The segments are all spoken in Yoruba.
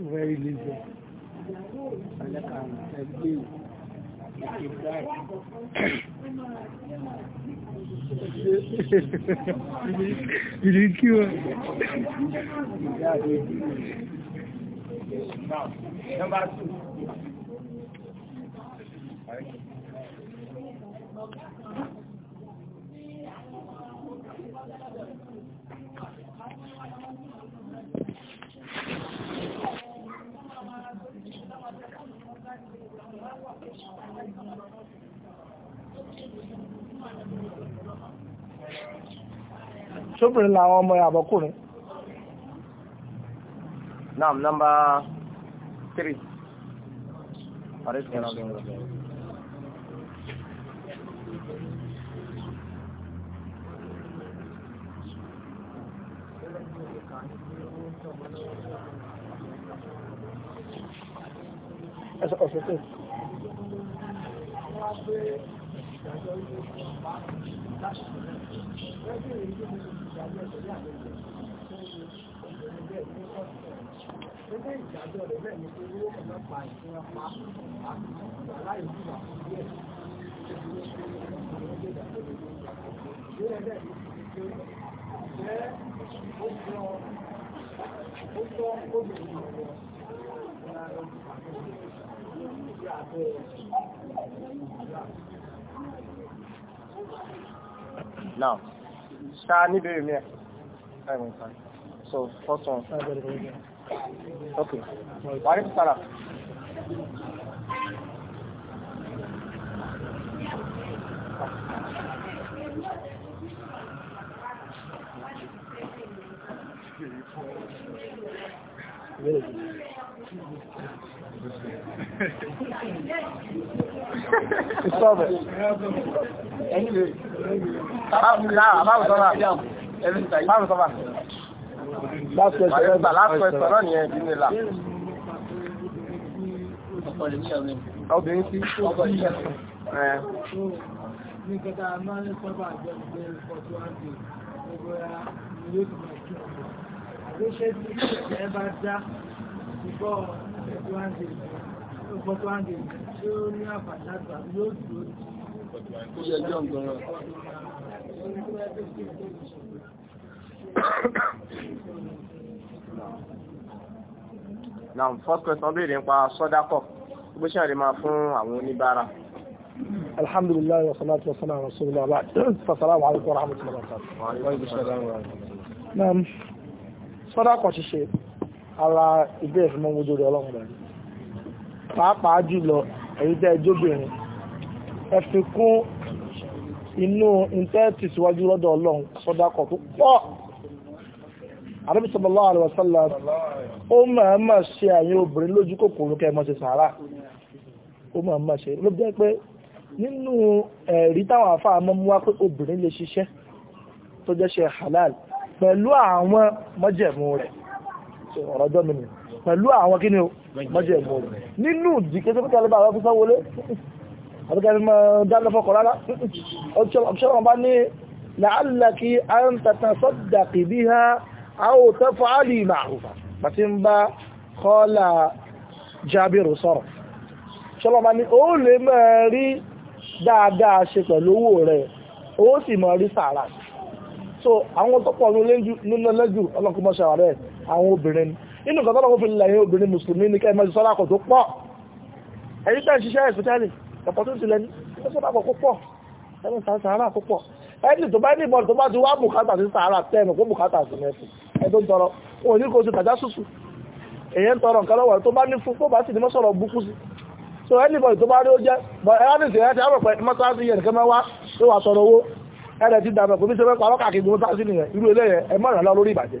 Very little. Ìdí kí wọ́n. Thank you. sóbìnrin làwọn ọmọ àbọ̀kùnrin. Naam nọ́mbà tírì. Eso, eso, eso. Gẹ́gẹ́ ìdájọ́ rẹ̀ bẹ́ẹ̀ ni pé owó kan náà pa ìfúnra pa àti ìgbà láì sí wà fún díẹ̀. Ìṣèlú ṣe ìwọ̀n tó dà lórí ìgbà. Ìgbéyẹ̀ bẹ́ẹ̀ ni pé jẹ́ ó sọ ó sọ obìnrin ọ̀rọ̀ ìgbà àbẹ̀rẹ̀. now ṣá níbèrè so first one okay Why sara. Thank you. Stop it. Anyway. Báwo sọ́ra? Báwo sọ́ra? Last question. Last question náà ni ẹ̀ bí nílà. Obìnrin sí. Ní kẹta máa ń sọ́bà jẹ́ ìgbé ìfọ̀tí wá dé, gbogbo ẹ̀ yóò ti máa kí ọ̀pọ̀. Àdéṣẹ́ tí ẹ bá dá, ìbọ̀ ìfọ̀tí wá dé. Now, first question béèrè ń pa sọ́dákọ̀, bó ṣe rí máa fún àwọn oníbàárà. Alhamdulillah, wa salatu wa salam wa sallallahu alaihi wa sallam wa rahmatullahi wa barakatuh. Wa alaikum assalam wa rahmatullahi. Naam, sọ́dákọ̀ ṣíṣe, ara ìgbé ìfimọ́ pàápàá jùlọ èyí tẹ́ jóbìnrin ẹ fi kún inú intẹ́ẹ̀tì síwájú lọ́dọ̀ ọlọ́run sọ́dákọ̀ tó pọ̀ ànábì sallallahu alaihi wasallam ó máa ma ṣe àyẹ obìnrin lójú kòkòrò kẹmọ́ ṣe sàárà ó máa ma ṣe ló jẹ́ pé nínú ẹ̀rí táwọn àfáà mọ́ mú wá pé obìnrin lè ṣiṣẹ́ tó jẹ́ ṣe halal pẹ̀lú àwọn mọ́jẹ̀mú rẹ̀ ọ̀rọ̀ ọjọ́ mi nù pẹ̀lú àwọn kíni o mọ́jẹ̀ ẹ̀bọ̀ nínú ìdíkẹ́ tó kẹ́lẹ́ bá àwọn fífẹ́ wọlé àbíkẹ́lẹ́ mọ́ dánilẹ́fọ́kọ̀ rárá ọ̀ṣọ́rọ̀ bá ní láàlàkí an tatasọ́dàkì bí ha áwò tó fàálì màáhùfà bàtí ń bá kọ́lá jábìrù sọ̀rọ̀ ṣọ́rọ̀ bá ní ó lè mọ́ rí dáadáa so àwọn tọ́pọ̀ nínú lẹ́jù ọlọ́kùnmọ́ṣà rẹ̀ àwọn obìnrin ni inú nǹkan tọ́lọ́wọ́ fi lẹ́yìn obìnrin mùsùlùmí ní kẹ́ẹ̀mọ́ sí sọ́lákọ̀ tó pọ̀ ẹ̀yí tẹ́ ṣiṣẹ́ ẹ̀sìtẹ́lì ọ̀pọ̀ tó ti lẹ́ni sọ́lákọ̀ kó pọ̀ ẹni sàárà kó pọ̀ ẹni tó bá ní ìbọn tó bá ti wá bùkátà sí sàárà tẹ́ẹ̀mù kó bùkátà sí mẹ́fù ẹ̀dọ́ ń tọrọ òun ní kó ti tàjá sùsù èyẹ ń tọrọ nǹkan lọ́wọ́ tó bá ní fún tó bá sì ní mọ́sọ̀rọ̀ bukú sí so ẹni bọ̀ tó bá rí ó jẹ́ bọ̀ ẹ̀rọ ní ìsìn ẹ̀ẹ́tì àpẹẹrẹ mọ́sáàsì yẹn nìkan mẹ́wàá tó wà sọ̀rọ̀ owó ẹ̀rẹ̀ ti dàbẹ̀ kò ní ṣe fẹ́ pa ọlọ́kà kí gbogbo sáàsì nìyẹn irú eléyẹ ẹ mọ̀ràn lọ lórí ìbàjẹ́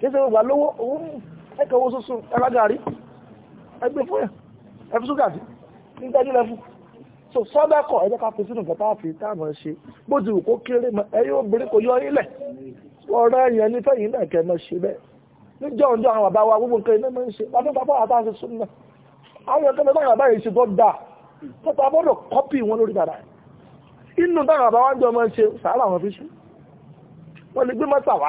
kéèsè ọgbà lówó òun ẹkẹwó súnsún ẹlágàrí ẹgbẹ́ fún ẹ̀ ẹfí ṣúgà so sọ́dẹ́kọ̀ ẹjẹ́ e ká fi sínú kẹta àfi táàmù ẹ ṣe bó ti wù kó kéré mọ ẹyẹ e obìnrin kò yọ ilẹ̀ ọ̀rẹ́ yẹn ní fẹ́yìn náà kẹ́ mọ ṣe bẹ́ẹ̀ níjọ́ ọjọ́ àwọn bàbá wa gbogbo nǹkan iná máa ń ṣe bàbá bàbá wa táà ṣe sún náà àwọn ẹ̀kọ́ mẹ́ta bàbá yìí ṣe tó dáa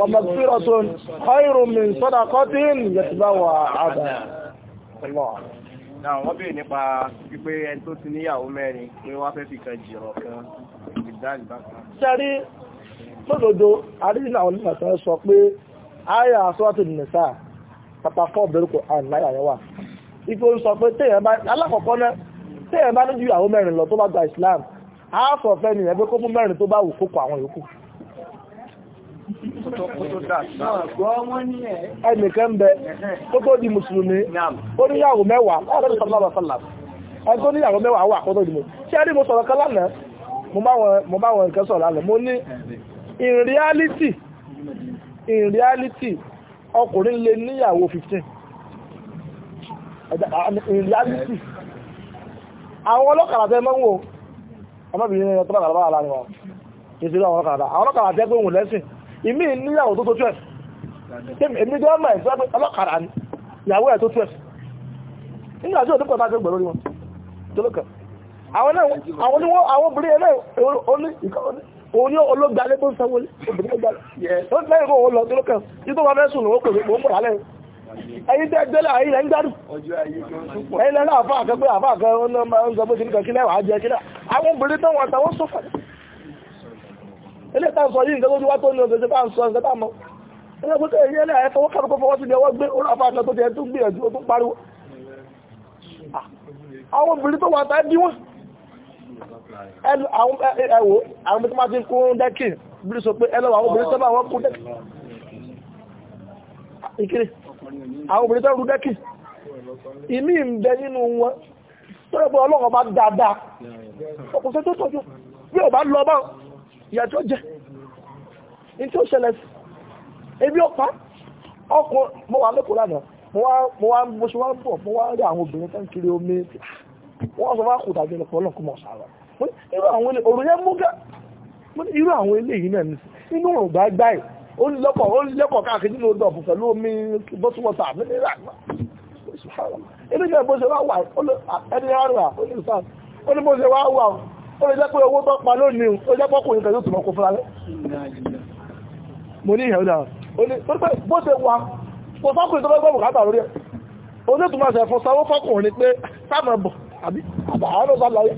ومغفرة خير من صدقة يتبوى عدا الله náà wọ́n bèèrè nípa wípé ẹni tó ti níyàwó mẹ́rin pé wọ́n fẹ́ fi kan jìrọ̀ kan ìdáàlì bákan. sẹ́rí lódodo àríjìnà àwọn onímọ̀sán sọ pé àyà sọ́ọ̀tì nìsà pàtàkọ́ bẹ̀rùkù àìláyà rẹ̀ wà ipò ń sọ pé téèyàn bá alákọ̀ọ́kọ́ náà ẹnìkan bẹ tó di mùsùlùmí ó ní yàwó mẹ́wàá láàrín sọ́lọ́bà sọ́lá ẹni tó ní yàwó mẹ́wàá wà kó di mọ̀ in reality in reality ọkùnrin lè níyàwó 15 ọmọbìnrin ẹni tó bá kàrà bá wà wọn ìṣẹ́lẹ̀ àwọn ọlọ́kàrà àwọn ọlọ́kàrà tẹ́ lẹ́sìn ìmí níyàwó tó tó 12 èmi jẹ́ ọmọ ẹ̀sọ́ pé ọlọ́kàrà ni ìyàwó ẹ̀ tó 12 nígbà tí ó tó pọ̀ tágbé gbẹ̀rọ wọn tó lókè àwọn obìnrin ẹ̀rẹ́ oní olóògbálẹ́ tó ń sanwó obìnrin olóògbálẹ́ tó ń lẹ́yìn kó lọ tó lókè tí tó wà fẹ́ sùn lówó pèsè pò ń pọ̀ lálẹ́ ẹ̀yin tẹ́ gbẹ́lẹ̀ ayé rẹ̀ ń gbádùn ẹ̀yin lẹ́nà àfáà kẹ́gbẹ́ àfáà kẹ́ ọ̀nà máa ń sọ bó ti ní kẹ́kí lẹ́wàá jẹ́ kílẹ̀ àwọn obìnrin tó wọ́n tàwọn sọ́fà ilé tá ń sọ yìí nǹkan tó ti wá tó ní òṣèṣe bá ń sọ nǹkan tá mọ́ ilé kó tẹ́ ìyẹ́lẹ̀ ẹ̀fọwọ́ kàrùkọ́ fọwọ́ sí ọwọ́ gbé orí àfáà kan tó ti ẹ̀ tún gbìyànjú ó tún pariwo àwọn obìnrin tó wà tá bí wọ́n ẹlò àwọn ẹwò àwọn tó máa ti kún dẹ́kì bí sọ pé ẹlọ́wọ́ àwọn obìnrin sábà wọ́n kún dẹ́kì ìkiri ọlọ́run bá dáadáa ọkùnrin tó tọ́jú bí ò lọ báwọn ìyà tí ó jẹ ní tí ó ṣẹlẹ̀ sí ebi ọ̀pá ọkùn mo wà lẹ́kọ̀ọ́ lánàá mo wá mo ṣe wá ń bọ̀ mo wá rí àwọn obìnrin tán kiri omi wọ́n sọ wá kùtà jẹ́ lọ́pọ̀ ọlọ́kùn mọ̀ sára irú àwọn ilé òrùn yẹn mú gá irú àwọn ilé yìí náà inú òrùn bá gbá ẹ̀ ó ń lọ́kọ̀ ó ń lẹ́kọ̀ káàkiri nínú odò ọ̀fun pẹ̀lú omi bọ́túwọ́tà nílẹ̀ àgbà ilé ìjọba bó ṣe wá wà ẹni rárá ó ní bó ṣe wá wà ó lè jẹ́ pé owó tó pa lónìí ó jẹ́ pọ́kùnrin kan yóò túnmọ̀ kó fúnra rẹ̀ mo ní ìhẹ̀ ọ̀dà bó ṣe wà kò sọ́kùnrin tó fẹ́ gbọ́ bùkátà lórí ẹ̀ ó ní túnmọ̀ ṣẹ̀fún sanwó fọ́kùnrin pé sáàmà bọ̀ àbí àbáhánú sáàláyé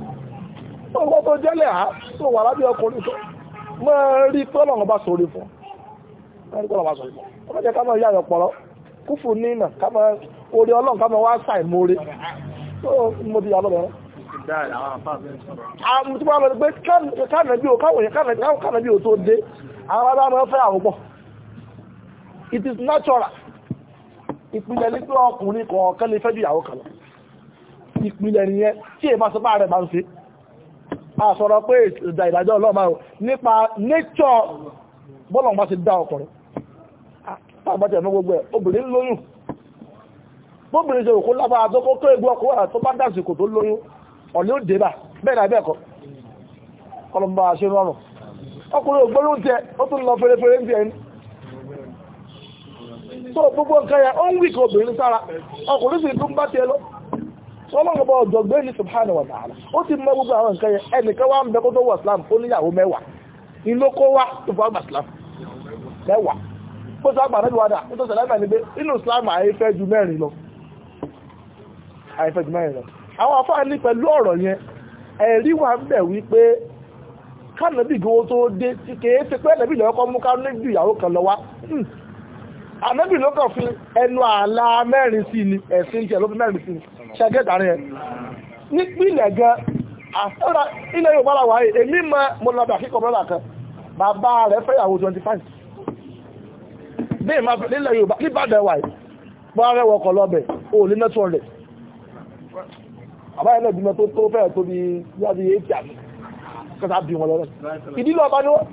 Ah, it is natural ìpìlẹ̀ ní pé ọkùnrin kọ̀ọ̀kan lè fẹ́ jù ìyàwó kan lọ ìpìlẹ̀ nìyẹn tí èèmà sọpá rẹ̀ bá ń fi àṣọ́rọ̀ pé ìdà ìdájọ́ ọlọ́mà ò nípa nature bọ́lọ̀n bá ti dá ọkùnrin tàbátẹ̀ mọ́ gbogbo ẹ̀ obìnrin lóyún bóbìnrin ṣe òkú lábára tó kó tó egbó ọkùnrin tó bá dásìkò tó ọ̀nà ó dé bà bẹ́ẹ̀ náà bẹ́ẹ̀kọ́ ọlọ́mbà ṣe rọrùn ọkùnrin ògbóró ń ó tún lọ fẹ́rẹ́fẹ́rẹ́ ń ẹni tó gbogbo nǹkan ya ó ń wíkọ obìnrin sára ọkùnrin sì tún bá tiẹ̀ lọ ọlọ́gbọ̀bọ̀ ọ̀dọ̀gbé subhanahu wa ta'ala ó ti mọ àwọn afáàní pẹ̀lú ọ̀rọ̀ yẹn ẹ̀rí wà ń bẹ̀ wípé kánàbì gbowó tó dé tí kèé ti pé ẹ̀nàbì lọ́kọ́ mú kánàbì ìyàwó kan lọ wá hmm. ànábì ló kàn fi ẹnu àlà mẹ́rin sí ni ẹ̀sìn tí ẹ̀lọ́pẹ́ mẹ́rin sí ni ṣẹ́gẹ́ta rẹ̀ nípìnlẹ̀ gan àfẹ́ra ilẹ̀ yóò bára wáyé èmi mọ mo lọ bàkí kọmọ́lá kan bàbá rẹ̀ 25 bí ìmọ̀ nílẹ̀ yóò bá wáyé bọ́ àbáyé náà bímọ tó tó fẹ́ẹ̀ tó bí láti èéfì àmì kẹta bí wọn lọ́rẹ̀ ìdílé ọba ni wọ́n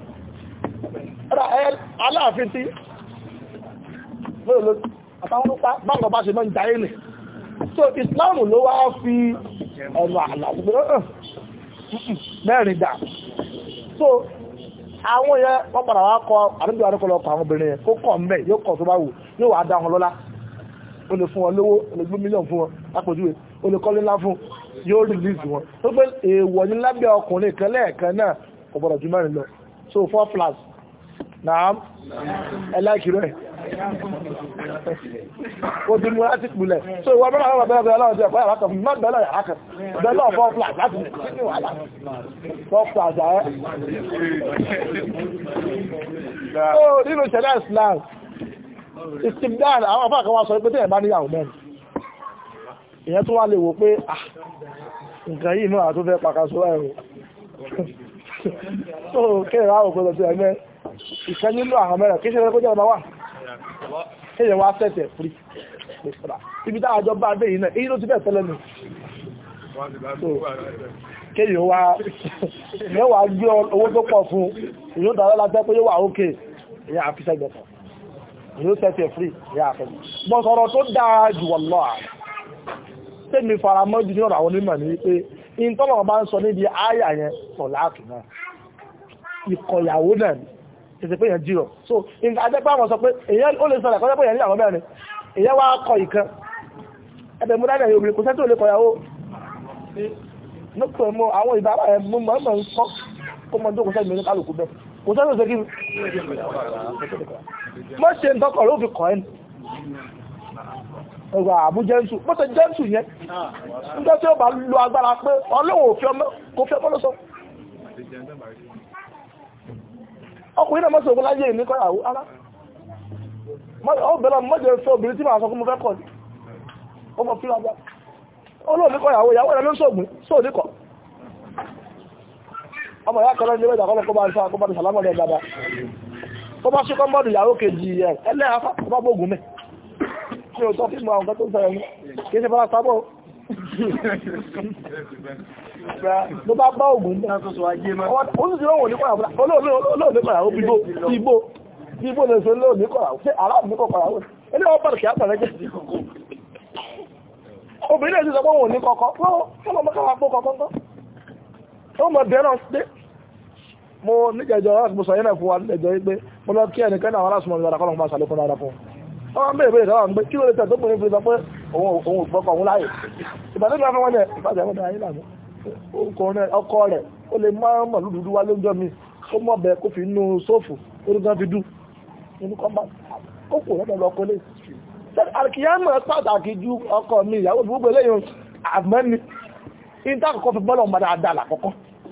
aláàfin tí àtàwọn báwọn ọba ṣe mọ́ ìjà ilẹ̀ so Islam ló wá fi ọ̀nà àlàgbé uh, uh, mẹ́rin dà so àwọn yẹn wọ́n padà wá kọ àdúgbò àdúgbòlọpọ̀ àwọn obìnrin yẹn kó kọ̀ mẹ́ yóò kọ̀ tó bá wù yóò wá dá wọn lọ́lá ó lè fún wọn lówó ó gbé mílíọ̀nù fún wọn lápòjúwe olùkọ́lé fún yóò release wọn tó pé èèwọ̀ ní lábẹ́ ọkùnrin kan lẹ́ẹ̀kan náà kò gbọ́dọ̀ mẹ́rin lọ so four plus naam ẹ láìkìrọ ẹ̀ o ti mú láti pìlẹ̀ so ìwọ mẹ́rin àwọn ọ̀bẹ̀rẹ̀ ọ̀bẹ̀rẹ̀ ọ̀bẹ̀rẹ̀ ọ̀bẹ̀rẹ̀ alákan fún mẹ́rin four plus láti four plus ààrẹ so nínú ìṣẹ̀lẹ̀ Islam ìsìnkú dáadáa àwọn afọ́ àkọwà sọ pé tí ẹ̀ bá níyàwó ìyẹn tó wá lè wò pé ah, nǹkan yìí náà tó fẹ́ pàkàṣọ ẹ̀rọ tó kéèrè àwọn òpin lọ́sẹ̀ ẹ̀mẹ́ ìkan àwọn mẹ́rin kí ṣe kọjá ọmọ wà kéèrè wá tẹ̀tẹ̀ fúri ibi táwọn tó pọ̀ fún ìyóò tààrà tẹ́mi fara mọ́ jù níwọ̀n àwọn onímọ̀ ní wípé in tọ́lọ̀ bá ń sọ níbi àyà yẹn sọ láàtù náà ìkọ̀yàwó náà ni tètè pé yẹn jírọ̀ so ajẹ́ pé àwọn sọ pé èyàn ó lè sọ̀rọ̀ kọjá pé yẹn ní àwọn mẹ́rin èyàn wá kọ ìkan ẹbẹ̀ mú dáadáa obìnrin kò sẹ́tò lè kọ̀yàwó ẹgbà àbú jẹ́sù mọ́tẹ̀ jẹ́sù yẹn nígbà tí ó bá lo agbára pé ọlọ́wọ̀ kò fẹ́ mọ́lọ́sọ́ ọkùnrin náà mọ́sọ̀ ogun láyé ní kọ́yàwó ara ó bẹ̀rẹ̀ mọ́jẹ̀ fẹ́ obìnrin tí máa sọ fún mo fẹ́ kọ́ ní ó mọ̀ fíra gbá olóòní kọ́yàwó ìyàwó ẹ̀rẹ́ ló sóògùn sóòdí kọ́ ọmọ ìyá kọ́lọ́ ní ẹgbẹ̀ta kọ́lọ́ kọ́ bá ń sá kọ́ bá ń sàlámọ́ ṣe òtọ́ fíìmù àwọn kan tó ń sọ̀rọ̀ ní kí ṣe fọ́lá sábọ̀ ló bá bá ògùn náà ó sì ti lọ́wọ́ ní kọ̀rà olóòlé kọ̀rà ó bíbó bíbó bíbó lè ṣe lóòlé kọ̀rà ó ṣe aláàbò ní kọ̀rà ó ilé wọn bọ̀rọ̀ kí á pẹ̀lẹ́ jẹ́ obìnrin èsì sọ òun ní kọ̀kọ́ fún ọmọ káwà pọ̀ kọ̀kọ́ ó mọ̀ bẹ̀rẹ̀ pé mo níjẹ̀jọ́ mo sọ yẹ́nà fún wa níjẹ̀jọ́ pé mo lọ kí ẹnìkan náà wọ́n lásùmọ̀ mi wọ́n bẹ̀rẹ̀ bẹ̀rẹ̀ sọ́wọ́n pé kí ló lè tẹ̀ tó pèrè fèrè sọ pé òun òpọ̀kọ̀ òun láyè ìbàdàn ìgbà fún wọn yẹn ìbàdàn ìgbà ayé lànà ọkọ rẹ̀ ó lè má mọ̀ lúdúdú wá lójọ́ mi ó mọ̀ bẹ́ẹ̀ kó fi inú sófù orúkọ fi dú inú kọ́mbà ó kò lọ́dọ̀ lọ kọ́lé àkìyàmọ̀ pàtàkì ju ọkọ mi ìyàwó gbogbo eléyìí àmọ́ni ìtàkùkọ́ fi bọ́lọ̀ mọ́dá àdàlà kọ́kọ́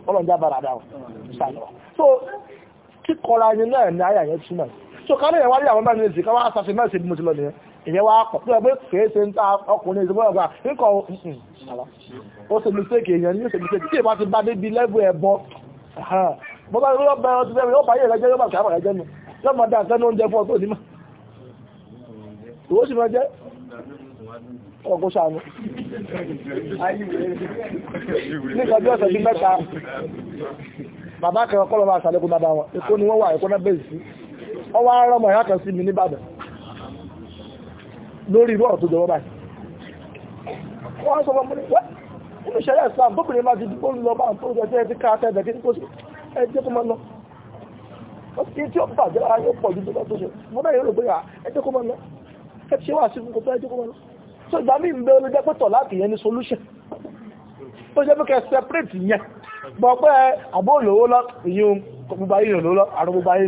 ọlọ́njà bára dáa so kíkọ́ra ẹni náà ní ayà yẹn túmọ̀ sí so ká lóyìn wáyé àwọn mẹ́rin èsì ká wá sàṣẹ mẹ́rin èsì bí mo ti lọ nìyẹn ìyẹn wá pọ̀ pé ọgbẹ́ kìí ṣe ń ta ọkùnrin ìṣẹ́gbọ́n ọgbà nǹkan ó ṣe mistake èèyàn ní ó ṣe mistake tí ìbá ti bá débi lẹ́bù ẹ̀bọ mo bá yọ bẹ ọtí bẹ́ẹ̀ yóò bá yẹ ìrẹ́jẹ́ yóò bá kí àwọn ẹ̀jẹ̀ nu yóò máa dá nǹkan oúnjẹ fún ọ tó ní mà ìwọ sì máa jẹ́ ọkọ̀ sànù nígbà bí ọ̀sẹ̀ bí mẹ́ta bàbá kẹwàá kọ́ lọ́wọ́ àṣàlẹ́kùn bàbá wọn èkó ni wọ́n wà èkó náà bẹ́ẹ̀ sí wọ́n wá rán mọ̀ ìyákan sí mi nìbàdàn lórí irú ọ̀rọ̀ tó jọwọ́ báyìí wọ́n sọ fún mi wẹ́ inú ìṣẹ́lẹ̀ islam bóbìnrin máa ti dúpó lọ bá tó jẹ́ ẹ ti ká tẹ́ ẹ̀dẹ̀ kí kó sí ẹ jẹ́ kó máa lọ kí tí ó bàjẹ́ ara yóò pọ̀ ju tó tó ṣe mo bẹ́ẹ̀ rò pé ẹ jẹ́ kó máa so ìgbà mí ń bẹ olùjẹ́ pẹ́tọ̀ láti solution tó jẹ́ pé kẹ́ separate yẹn gbọ́ pé àbó olówó lọ ìyún gbogbo ayé olówó lọ àrùn ayé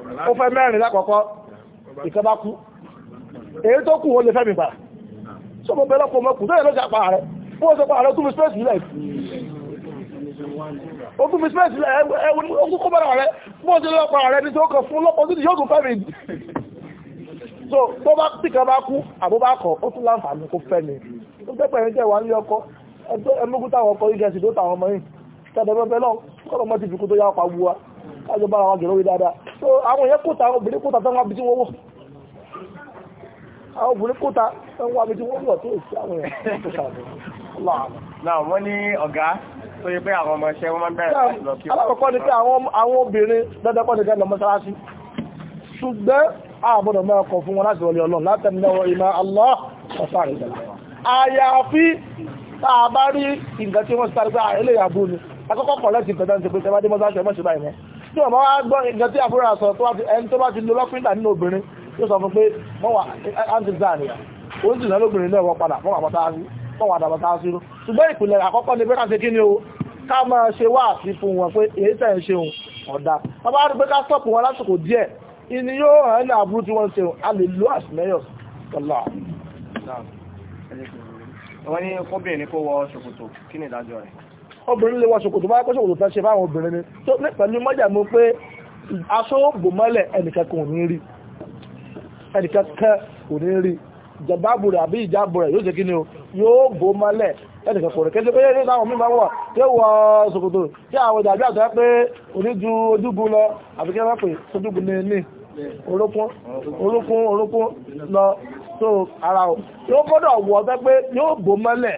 ó fẹ́ mẹ́rin lákọ̀ọ́kọ́ ìkan kú èyí tó kù ó lè fẹ́mi padà so mo bẹ̀rẹ̀ pọ̀ mọ́kù tó yẹ ló jà rẹ̀ fún ọ̀sẹ̀ rẹ̀ tún mi space sílẹ̀ ẹ̀wọ̀n ó kú kó bẹ̀rẹ̀ rẹ̀ tó tàwọn ọmọ yìí tẹ́bẹ̀ẹ́bẹ̀ lọ kọ́lọ́mọ́ ti fi kú tó yá ọpa wúwa kájọ bára wa gẹ̀rọ dáadáa so àwọn èèyàn kóta àwọn obìnrin kóta tán wá bí tí wọ́n wọ̀ àwọn obìnrin kóta tán wá bí tí wọ́n wọ̀ tó èsì àwọn èèyàn tó sàbẹ̀ náà wọ́n ní ọ̀gá tó yẹ pé àwọn ọmọọṣẹ́ wọ́n máa bẹ̀rẹ̀ alákọ̀ọ́kọ́ ni pé àwọn obìnrin dandan kọ́ ni kẹ́ lọ mọ́sálásí ṣùgbọ́n àbọ̀dọ̀ máa kọ̀ fún wọn láti wọlé ọlọ́run Allah ọ̀sán ìdàlá àyàfi tàbá rí nǹkan tí wọ́n sáré pé àìlè àbúrú ni akọ́kọ́ kọ̀ lẹ́sìn pẹ̀tẹ́ ti pé tí ọmọ wá gbọ́ ìgbà tí àbúrò àsọ ẹni tó bá ti lo lọ́pìnlá nínú obìnrin yóò sọ fún pé wọ́n wà anti-zania ó sì náà lóbìnrin náà wọ́n padà wọ́n wà bọ́ta sí wọ́n wà dàbọ́ta sí ṣùgbọ́n ìpìlẹ̀ àkọ́kọ́ ni pé ká ṣe kí ni o ká máa ṣe wá àti fún wọn pé èyí tẹ̀ ń ṣe òun ọ̀dà wọ́n bá rí pé ká stop wọn lásìkò díẹ̀ ìní yóò hàn ní àbúrú tí wọ́n ṣe a lè lo àṣìmẹ́yọ̀ tọ́lá wọ́n ní obìnrin lè wọ ṣòkòtò bá kọ́ ṣòkòtò tán ṣe fáwọn obìnrin ni tó ní pẹ̀lú mọ́jà mú pé aṣọ bòmọ́lẹ̀ ẹnìkankan ò ní rí ẹnìkankan ò ní rí ìjàbábù rẹ̀ àbí ìjábù rẹ̀ ni o yóò bò mọ́lẹ̀ ẹnìkankan rẹ̀ kẹ́sí pé ní táwọn mímọ́ wà tí wọ ṣòkòtò tí àwọn ìdàbí àtọ́ pé òní ju ojúgun lọ àbí kí wọ́n lọ tó ara o yóò gbọ́dọ̀ wọ́ pé yóò bò mọ́lẹ̀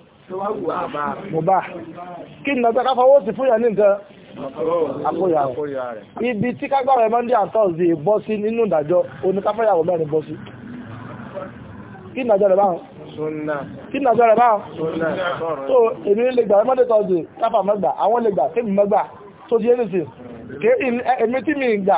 mọ̀bá kí ni ọ̀tọ́ káfọwọ́ sí fúnyà ní nǹkan àkóyà rẹ̀ ibi tí kágbàrẹ̀ monday and thursday bọ́ sí nínú ìdájọ́ oníkáfẹ́yàwó mẹ́rin bọ́ sí kí ni ọjọ́ rẹ̀ báhùn kí ni ọjọ́ rẹ̀ báhùn tó èmi lè gbà monday thursday káfà mẹ́gbà àwọn lè gbà kémi mẹ́gbà tó di anything èmi tí mi gbà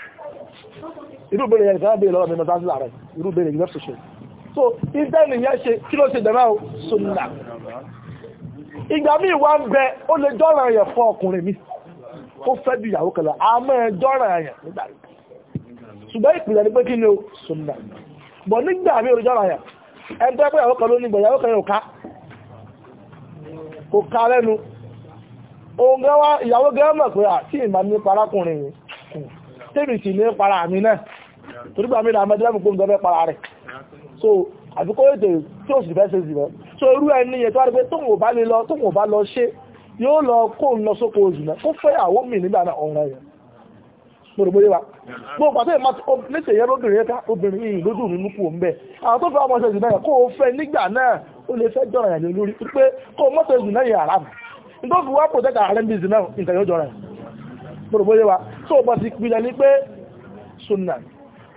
irú yẹn ìfẹ́ béèrè lọ́wọ́ mi mọ́sáàsì láàrẹ̀ irú ìbéèrè yìí ṣe so ìtẹ́lì yẹn ṣe kí ló ṣe dẹ̀rẹ́ o sunna ìgbà míì wá ń bẹ ó lè dọ́ràn yẹn fún ọkùnrin mi ó fẹ́ bí ìyàwó kẹlẹ̀ àmọ́ ẹ dọ́ràn yẹn nígbà rẹ̀ ṣùgbọ́n ìpìlẹ̀ ni pé kí ni o sunna bọ̀ nígbà míì ó lè dọ́ràn yẹn ẹni tó pé ìyàwó kan ló ní ìgbà ìyàwó kan yóò ká kò ká lẹ́nu torípa mi là mẹ́dẹ́lẹ́mù kó ń tọ́ fẹ́ rẹ̀ so àfi kó ètò tí ó sì fẹ́ sí rẹ̀ so irú ẹni yẹn tó wá rí pé tóun ò bá lè lọ tóun ò bá lọ ṣe yóò lọ kó ń lọ sóko oṣù náà kó fẹ́ àwọn mi nígbà náà ọ̀ràn yẹn mo rò bóyá wa mo pàtó ìmọ̀ níṣẹ́ yẹn lóbìnrin yẹn ká obìnrin yìí lójú mi mú ń bẹ̀ àwọn tó fẹ́ ọmọ ṣe ìsìn náà kó o fẹ́ nígbà náà ó lè fẹ́ jọ̀rọ̀ yẹn lórí pé kó o mọ́tò ìsìn náà yẹn àrà mi nítorí wá protect ààrẹ bíi ìsìn náà ni pé sunnah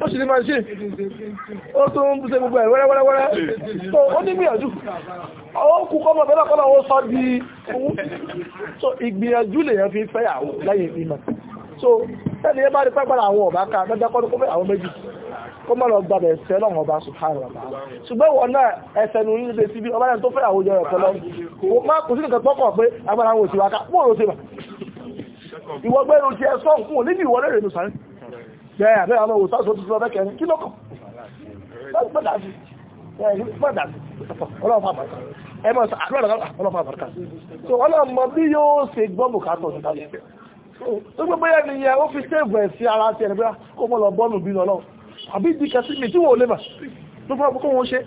ó sì ní máa ṣe ó tó ń bú ṣe gbogbo ẹ̀ wẹ́rẹ́wẹ́rẹ́ so ó ní gbìyànjú ó kú kọ́mọ bẹ́lá kọ́lá ó sọ di owó so ìgbìyànjú lèyàn fi fẹ́ àwọn láyé ìmọ̀ so ẹni ẹ bá rí pẹ́pẹ́ àwọn ọ̀bá ká mẹ́jọ kọ́ kó fẹ́ àwọn méjì kó mọ́ lọ gbàbẹ̀ ẹ̀sẹ̀ lọ́wọ́ ọba sùhánù ọba ṣùgbọ́n wọn náà ẹsẹ̀ nù ní ilé síbí ọba náà tó fẹ́ àwọn òjò ẹ̀kọ́ lọ má kò sí nǹkan pọ́kọ̀ pé agbára àwọn òṣìwáká bóòrò ṣe mà ìwọ̀gbẹ́rù ti ẹ̀sọ́ nǹkan ò níbi ìwọlé rẹ̀ nù sáré bẹ́ẹ̀ àbẹ́ àwọn òwò sáàsọ̀ tuntun ọbẹ̀ kẹrin kí lọ́kọ̀ ọlọ́mọ bí yóò ṣe gbọ́ bùkátọ̀ ní tàbí tó gbogbo yẹn ni yẹ ó fi ṣègùn ẹ̀sìn ara ti ẹ̀rẹ̀ bí kó mọ́ lọ bọ́ọ̀nù bí lọ́lọ́ àbí ìdíkẹ́ sí mi tí wọ́n lè mà tó fún ọkọ̀ wọn ṣe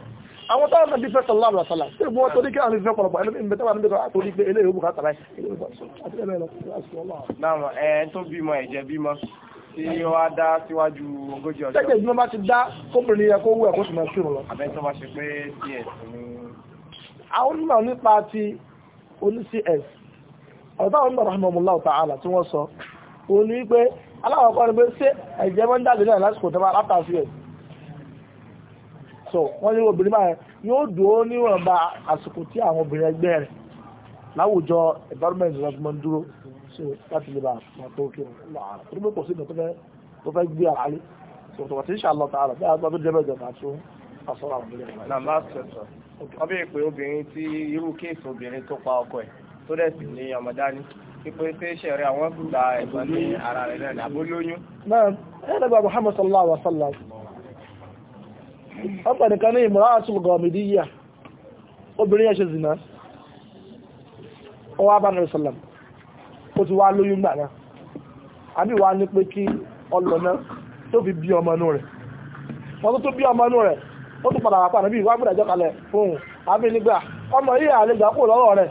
àwọn táwọn náà bí fẹ́ sọ̀rọ̀ láàrú àṣàlà tí ìgbọ́n tó ní kí àwọn ìfẹ́ pọ̀lọpọ̀ ẹni ìbẹ̀ tẹ́wà níbi kan tó ní pé eléyìí ó bùkátà láì tí ó wá dá síwájú ogójì ọjọ́. Tẹ́tẹ̀ ìdúná bá ti dá kóbìnrin yẹ kó wú ẹ̀kọ́ sì máa kírun lọ. Àbẹ́ tó bá ṣe pé CS ni. Àwọn onímọ̀ nípa ti oní CS, ọ̀dọ́ ta'ala tí wọ́n sọ, òun ni wípé aláwọ̀ kọ́ ni pé ṣé ẹ̀jẹ̀ máa ń dàgbé náà lásìkò tó bá látà CS. So wọ́n ní obìnrin báyẹn yóò dùn ó níwọ̀nba àsìkò tí láwùjọ environment rẹ̀ mọ́ dúró láti lè bá àtọ́ òkè láàárọ̀ tó mú pọ̀ sí ìgbà tó fẹ́ gbé àlálé sọ̀tọ̀ tí insha Allah ta'ala bí a tó jẹ́bẹ̀ jọba tó àsọ́rọ̀ àwọn ilẹ̀ ìwà. nàmá sọ̀tọ̀ wọ́n bèèrè obìnrin tí irú kéèsì obìnrin tó pa ọkọ ẹ̀ tó dẹ̀ sì ní àwọn ẹ̀gbọ́n ní ara rẹ̀ náà ní ọwọ́ abánirò sọ̀lọ̀ ó ti wá lóyún gbà náà àbí wá ní pé kí ọlọ́nà tó fi bí ọmọ inú rẹ̀ wọ́n tó bí ọmọ inú rẹ̀ ó tún padà wà pàdé bí ìwà gbọ́dọ̀ àbí nígbà ọmọ yìí àlejò kò lọ́rọ̀ rẹ̀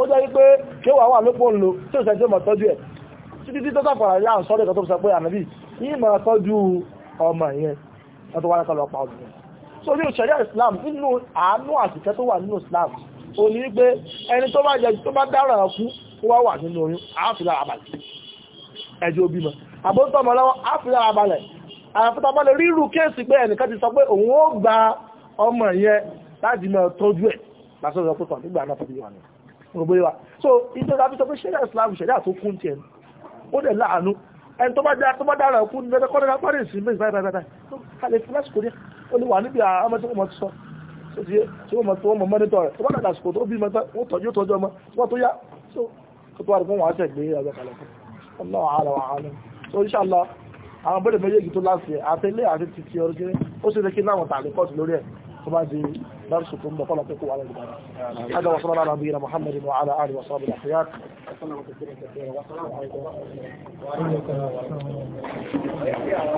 ó jẹ́ wípé kí wà wà lópò ń lo tí ó sẹ́jọ́ ẹ̀ títí tí tọ́tà fọ̀rọ̀ yá ń tó sọ pé yìí mọ̀ tọ́jú ọmọ yẹn tó ọdún so Islam nínú àánú o ní pé ẹni tó bá jẹ́ tó bá dára ọkú wá wà nínú oyún àáfìlà àbàlẹ̀ ẹjọ́ bímọ àbótọ́mọ lọ́wọ́ àáfìlà àbàlẹ̀ àfẹ́tàbálẹ̀ rírù kéèsì pé ẹnìkan ti sọ pé òun ó gba ọmọ yẹn láti mọ tọ́jú ẹ̀ lásọ̀rọ̀ pé kàn nígbà náà fún ìwà ni gbogbo ìwà so ìjọba fi sọ pé ṣẹlẹ̀ Islam ṣẹlẹ̀ àtúnkún tiẹ̀ ó dẹ̀ láàánú ẹni tó bá jẹ́ tó bá dára ọkùnrin lọ́dẹ́kọ́ tó ti yé tí wọ́n mọ̀ tí wọ́n mọ̀ mọ́nítọ̀ rẹ̀ tó bá dàgbà sùkò tó bí so kó tó wà fún wọn àṣẹ gbé ẹgbẹ́ kalẹ̀ fún Allahu so inshallah àwọn bẹ́ẹ̀ méjèèjì tó láti àti ilé àti títí ọdún kéré ó sì lè kí láwọn tààlé kọ́ọ̀tù lórí ẹ̀ tó bá di هذا وصلنا على نبينا محمد وعلى آله وصحبه الأحياء